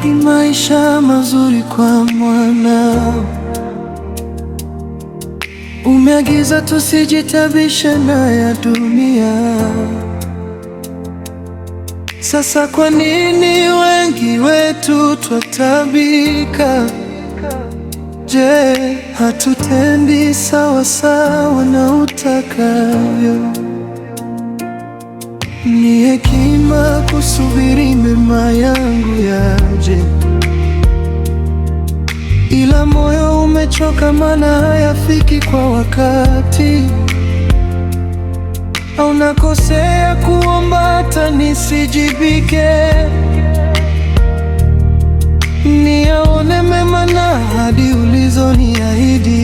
ahidi maisha mazuri kwa mwana Umeagiza tusijitabishe na ya dunia. Sasa kwa nini wengi wetu twatabika? Je, hatutendi sawa sawa na utakavyo? Ni hekima kusubiri mema yangu yaje, ila moyo umechoka, maana hayafiki kwa wakati. Au nakosea kuomba hata nisijibike, niyaone mema na hadi ulizoniahidi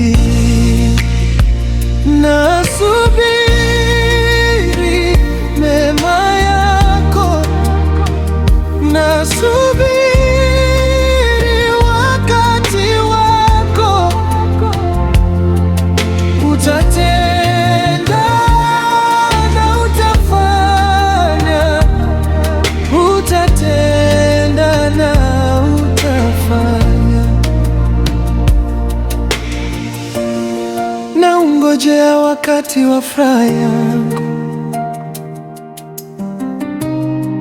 Utasubiri wakati wako, utatenda na utafanya, utatenda na utafanya. Naungojea wakati wa furaha yangu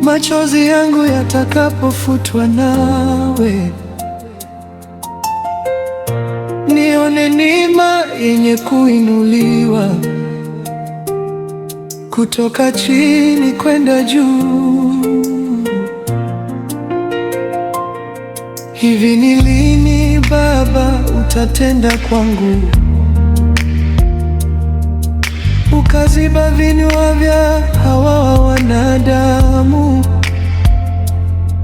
machozi yangu yatakapofutwa nawe, nione neema yenye kuinuliwa kutoka chini kwenda juu. Hivi ni lini Baba utatenda kwangu? kaziba vinywa vya hawa wanadamu,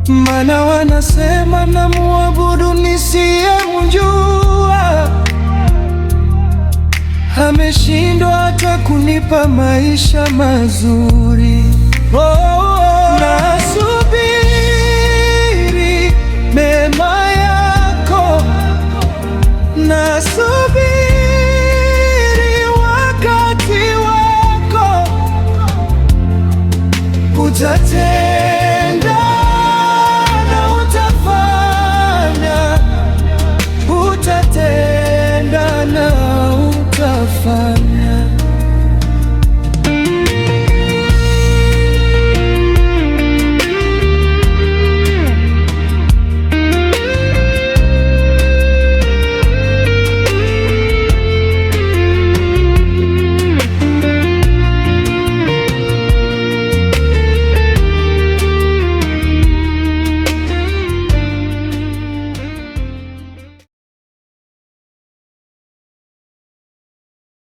mana wanasema na namuabudu nisiyemjua, ameshindwa hata kunipa maisha mazuri oh. oh uchache